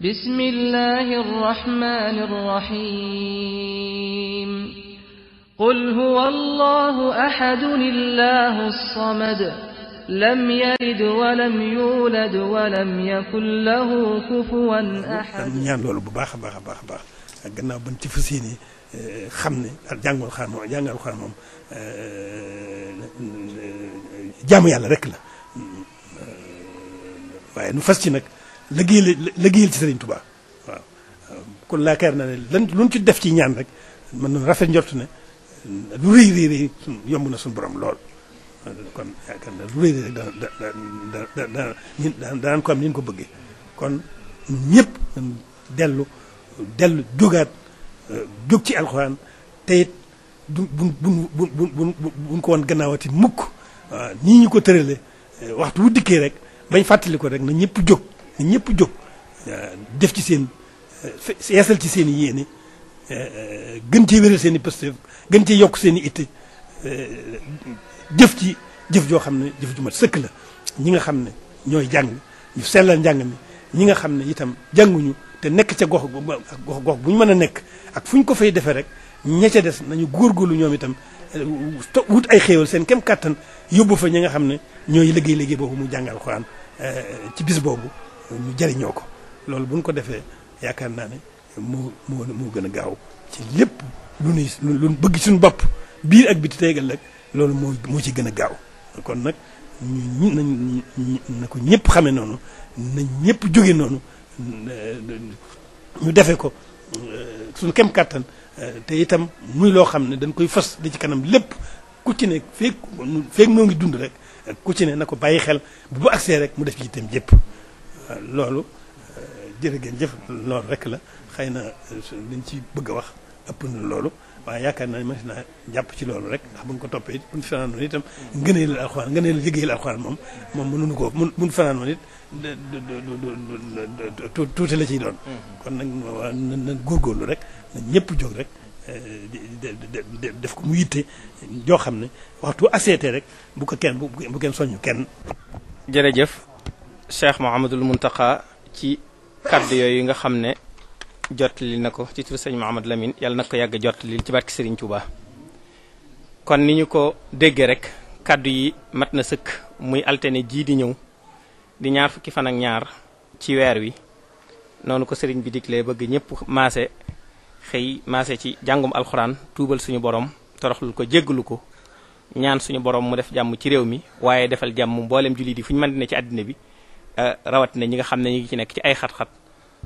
بسم الله الرحمن الرحيم قل هو الله أحد الله الصمد لم يلد ولم يولد ولم يكن له كفوا أحد ñaan loolu bu baax a baax a baax a baax ak gannaaw ban ci fas yéene eh, xam ne ak jàngul xaar moom jàngal xaar moom eh, jaamu yàlla rek la mm, mm, eh, waaye nu fas ci nag liggéeyal liggéeyal ci Serigne Touba waaw kon laakaar naa ne lan lu ñu ci def ci ñaan rek mën na rafet njort ne lu rëy rëy yomb na suñu borom lool kon yaakaar naa lu rëy rëy rek dana dana ko am ni ñu ko bëggee kon ñëpp dellu dellu jógaat euh, jóg ci alxuraan te it du bu bu bu bu bu ko woon gannaawati mukk nii ñu ko tëralee waxtu wu dikkee rek bañ fàttali ko rek na ñëpp jóg. na ñëpp jóg euh, def ci seen euh, yeesal ci seen i yéene euh, gën ci wéral seen i pëstef gën cee yokk seen i itte jëf ci jëf joo xam ne jëf ju sëkk la ñi nga xam ne ñooy jàng ñu sellal njàng mi ñi nga xam ne itam jànguñu te nekk ca gox gox gox bu ñu mën a nekk ak fu ñu ko fay defee rek ña ca des nañu góorgóorlu ñoom itam wut ay xéewal seen kem kàttan yóbbu fa ñi nga xam ne ñooy liggéey liggéey boobu mu jàngal Alxuraan ci bis boobu ñu jariñoo ko loolu bu ñu ko defee yaakaar naa ne moo moo moo gën a gaaw ci lépp lu nuy lu bëgg suñu bopp biir ak biti teegal rek loolu moo moo ci gën a gaaw kon nag ñu nañ na ko ñëpp xamee noonu nañ ñëpp jóge noonu ñu defee ko euh, suñu kem kàttan euh, te itam muy loo xam ne dañ koy fas di ci kanam lépp ku ci ne feeg feeg noo ngi dund rek ku ci ne na ko bàyyi xel bu bu agsee rek mu def ci itam yëpp loolu jërë ngeen jëf loolu rek la xëy na liñ ci bëgg a wax ëpp na loolu waaye yaakaar naa ne mën naa jàpp ci loolu rek ndax bu ñu ko toppee buñ fanaan noonu itam ngëneel alxuraan ngëneel moom moom mënuñu ko buñ fanaan noonu it du tuuti la ciy doon kon nag waa na góorgóorlu rek na ñëpp jóg rek eh, def ko mu yitte joo xam ne waxtu aseetee rek bu ko kenn bu kenn soññu kenn cheikh Mouhamadul Mountakha ci kàddu yooyu nga xam ne jottali na ko ci turu sëñ Mouhamad Lamine yàlla na ko yàgg jot jottali ci barki Serigne Touba. kon ni ñu ko déggee rek kàddu yi mat na sëkk muy altine jii di ñëw di ñaar fukki fan ak ñaar ci weer wi noonu ko sëriñ bi diglee bëgg ñëpp maase xëy maase ci jàngum alxuraan tuubal suñu borom toroxlu ko jéggalu ko ñaan suñu borom mu def jàmm ci réew mi waaye defal jàmm mboolem jullit yi fu ñu mën di ne ci àddina bi. Eh, rawatina ñi nga xam ne ñu ngi ci nekk ci ay xat-xat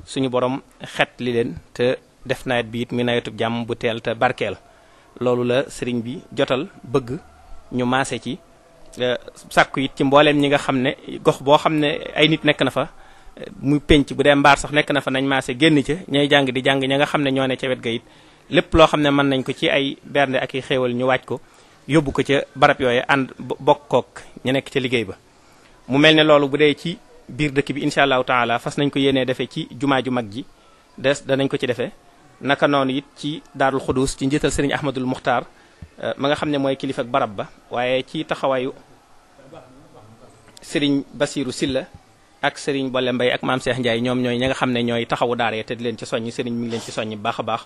suñu borom xet li leen te def nawet bi it mi nawetub jàmm bu teel te barkeel loolu la sëriñ bi jotal bëgg ñu maase ci eh, sàkku yit ci mbooleem ñi nga xam ne gox boo xam ne ay nit nekk na fa eh, mu penc bu dee mbaar sax nekk na fa nañ maase génn ca ñay jàng di jàng ña nga xam ne ñoo ne ca wet ga it lépp loo xam ne mën nañ ko ci ay bernde ak i xéewal ñu waaj ko yóbbu ko ca barab yooyu ànd bokkook ñu nekk ca liggéey ba biir dëkk bi incha allah taala fas nañ ko yéenee defee ci jumaa ju mag ji des danañ ko ci defee naka noonu it ci daarul xuduus ci njiital sëriñ ahmadul muxtaar euh, ma nga xam ne mooy kilifa barab ba waaye ci taxawaayu sëriñ basiiru silla ak sëriñ boole mbay ak maam Cheikh Ndiaye ñoom ñooy ñi nga xam ne ñooy taxawu daara te di leen ci soññi sëriñ mi ngi leen ci soññi baax a baax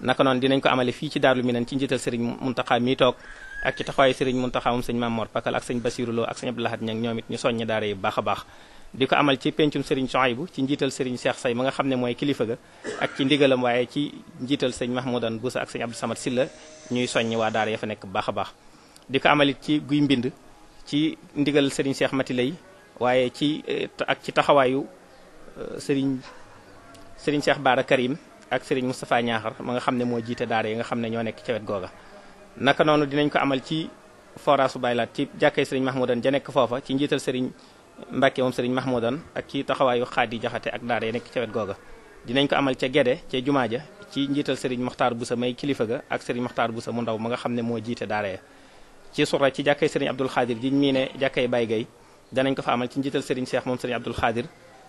naka noonu dinañ ko amale fii ci daarul minan ci njiital sëriñ muntaxa mi toog ak ci taxawaayu sëriñ muntaxa moom sëñ maam Mor Pakal ak sëñ basiiru loo ak sëñ ñoom it ñu soññi daara yi baax a di ko amal ci pencum Serigne Souhaïbou ci njiital Serigne seex Say ma nga xam ne mooy kilifa ga ak ci ndigalam waaye ci njiital sëñ Mahmoudan Boussa ak sëñ Abdou Samad Silla ñuy soññ waa daara ya nekk bu baax a baax di ko amal ci guy mbind ci ndigal Serigne Cheikh Mati lay waaye ci eh, ak ci taxawaayu eh, Serigne Serigne Cheikh Baara Karim ak Serigne Moustapha Ñaaxar ma nga xam ne moo jiite daara yi nga xam ne ñoo nekk ca wet googa naka noonu dinañ ko amal ci forage su baylaat ci jàkkee Serigne Mahmoudan ja nekk foofa ci njiital Serigne Mbàkke moom sëriñ Mahmoudan ak ci taxawaayu xaadi jaxate ak daara yi nekk ca wet googa dinañ ko amal ca Gede ca jumaa ja ci njiital sëriñ Moxtaar Busa may kilifa ga ak sëriñ Moxtaar Busa mu ndaw ma nga xam ne moo jiite daara ya ci sura ci jàkkay sëriñ Abdul Xaadir ji mii ne jàkkay Baye Gueye danañ ko fa amal ci njiital sëriñ Cheikh moom sëriñ Abdul Xaadir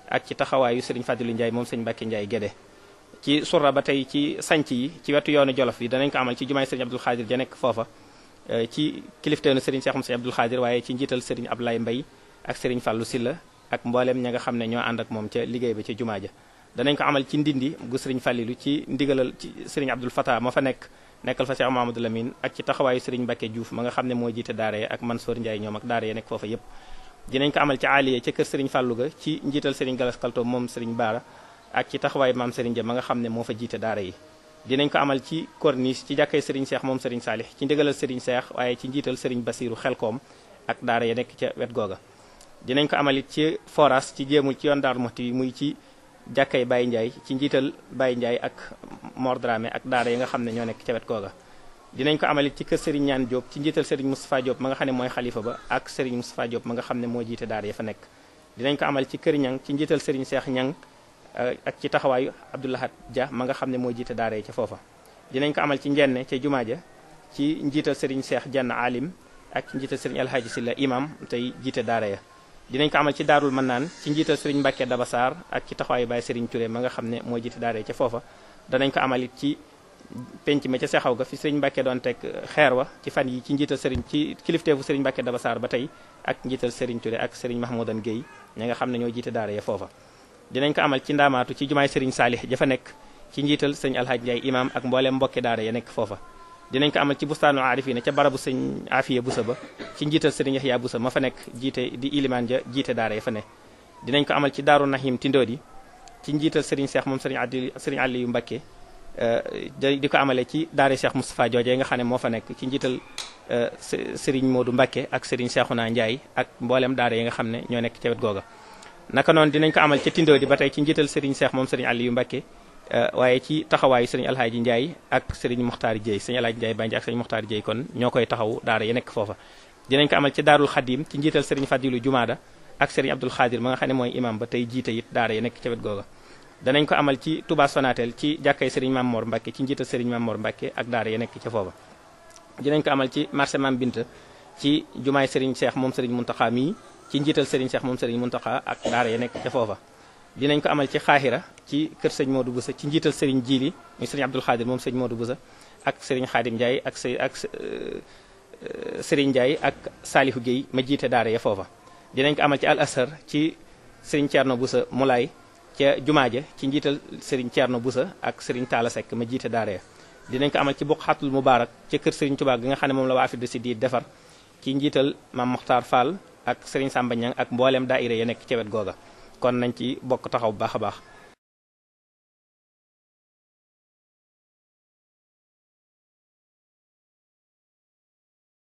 ak ci taxawaayu sëriñ Fadilu Ndiaye moom sëriñ Mbàkke Ndiaye Gede ci sura ba tey ci sanc yi ci wetu yoonu Jolof yi danañ ko amal ci jumaay sëriñ Abdul Xaadir ja nekk foofa eh, ci kilifteenu sëriñ Cheikh moom sëriñ Abdul Xaadir waaye ci njiital seriñ ab lay Mbay ak Serigne Fallou Silla ak mboolem ña nga xam ne ñoo ànd ak moom ca liggéey ba ca jumaa ja danañ ko amal ci ndindi gu Serigne Fallilu ci ndigalal ci Serigne Abdul Fatah ma fa nekk nekkal fa Cheikh Mamadou Lamine ak ci taxawaayu Serigne Mbacke Diouf ma nga xam ne moo jiite daara ya ak Mansour Ndiaye ñoom ak daara ya nekk foofa yépp dinañ ko amal ci aaliya ca kër Serigne Fallou ga ci njiital Serigne Galas moom Serigne Baara ak ci taxawaayu maam Serigne ja ma nga xam ne moo fa jiite daara yi dinañ ko amal ci corniche ci jàkkay Serigne Cheikh moom Serigne Saalix ci ndigalal Serigne Cheikh waaye ci njiital Serigne Basiru Xelkoom ak daara ya nekk ca wet googa dinañ ko amalit ci foras ci jéemul ci yoon Daaru Muxti yi muy ci jàkkay Baye Ndiaye ci njiital Baye Ndiaye ak Mor ak daara yi nga xam ne ñoo nekk ca wet googa dinañ ko amalit ci kër Serigne Ñaan Diop ci njiital Serigne Moustapha Diop nga xam ne mooy xalifa ba ak Serigne Moustapha Diop nga xam ne moo jiite daara ya fa nekk dinañ ko amal ci kër Ñang ci njiital Serigne Seex Ñang euh, ak ci taxawaayu Abdoulahat Dia ma nga xam ne moo jiite daara yi ca foofa dinañ ko amal ci njenne ca jumaa ja ci njiital Serigne Seex jenn Alim ak ci njiital Serigne si la imaam tey jiite daara ya dinañ ko amal ci daarul man naan ci njiital sëriñ Mbàkke Daba Sarr ak ci taxawaayu Baay Sëriñ Touré ma nga xam ne moo jiite daaree ca foofa danañ ko amalit ci penc ma ca sexaw ga fi sëriñ Mbàkke doon teg xeer wa ci fan yi ci njiital sëriñ ci kilifteefu sëriñ Mbàkke Daba Sarr ba tey ak njiital sëriñ Touré ak sëriñ Mahmoudan Guèye ña nga xam ne ñoo jiite daara ya foofa dinañ ko amal ci ndaamaatu ci jumaay sëriñ Saalih jafa nekk ci njiital sëriñ Alhaaj Njaay imam ak mbooleem mbokki daara ya nekk foofa dinañ ko amal ci bustaanu aarifina ca barabu sëñ afiya busa ba ci njiital sëriñ yaxya busa ma fa nekk jiite di ilimaan ja jiite daara ya fa ne dinañ ko amal ci daaru yi tindoodi ci njiital sëriñ seex moom sëriñ addi sëriñ àlli yu mbakke euh, di ko amale ci daara seex moustapha jooje nga xam ne moo fa nekk ci njiital euh, sëriñ moodu mbakke ak sëriñ naa njaay ak mboolem daara yi nga xam ne ñoo nekk ca wet googa naka noonu dinañ ko amal ca tindoodi ba tey ci njiital sëriñ seex moom sëriñ àlli yu mbakke Eh, waaye ci taxawaayu sëriñ Alxaaji Njaay ak sëriñ Muxtaar Jéy sëriñ Alxaaji Njaay Banji ak sëriñ Muxtaar Jéy kon ñoo koy taxaw daara ya nekk foofa dinañ ko amal ci daarul xadim ci njiital sëriñ Fadilu Jumaada ak sëriñ Abdul Xaadir ma nga xam ne mooy imam ba tey jiite it daara ya nekk ca wet googa danañ ko amal ci Touba Sonatel ci jàkkay sëriñ Mam Mor Mbakke ci njiital seriñ Mam Mor Mbakke ak daara ya nekk ca foofa dinañ ko amal ci marché Mam Binta ci jumaay sëriñ seex moom sëriñ Muntaxa mii ci njiital sëriñ Cheikh moom sëriñ Muntaxa ak daara ya nekk ca foofa dinañ ko amal ci xaaxira ci kër sëñ Modou Boussa ci njiital sëriñ Jili muy sëriñ Abdul Xaadir moom sëñ Modou Boussa ak sëriñ Xaadim Ndiaye ak së ak euh, euh, sëriñ Ndiaye ak Saalihu géey ma jiite daara ya foofa dinañ ko amal ci al asar ci sëriñ Thierno Boussa Moulay ca Jumaaja ci njiital sëriñ Thierno Boussa ak sëriñ Talla Seck ma jiite daara ya dinañ ko amal ci Buqatul Mubarak ca kër sëriñ Touba gi nga xam ne moom la waa Afrique du Sud defar ci njiital maam Mokhtar Fall ak sëriñ Samba Niang ak mboolem daaira ya nekk ca wet googa kon nañ ci bokk taxaw bu baax a baax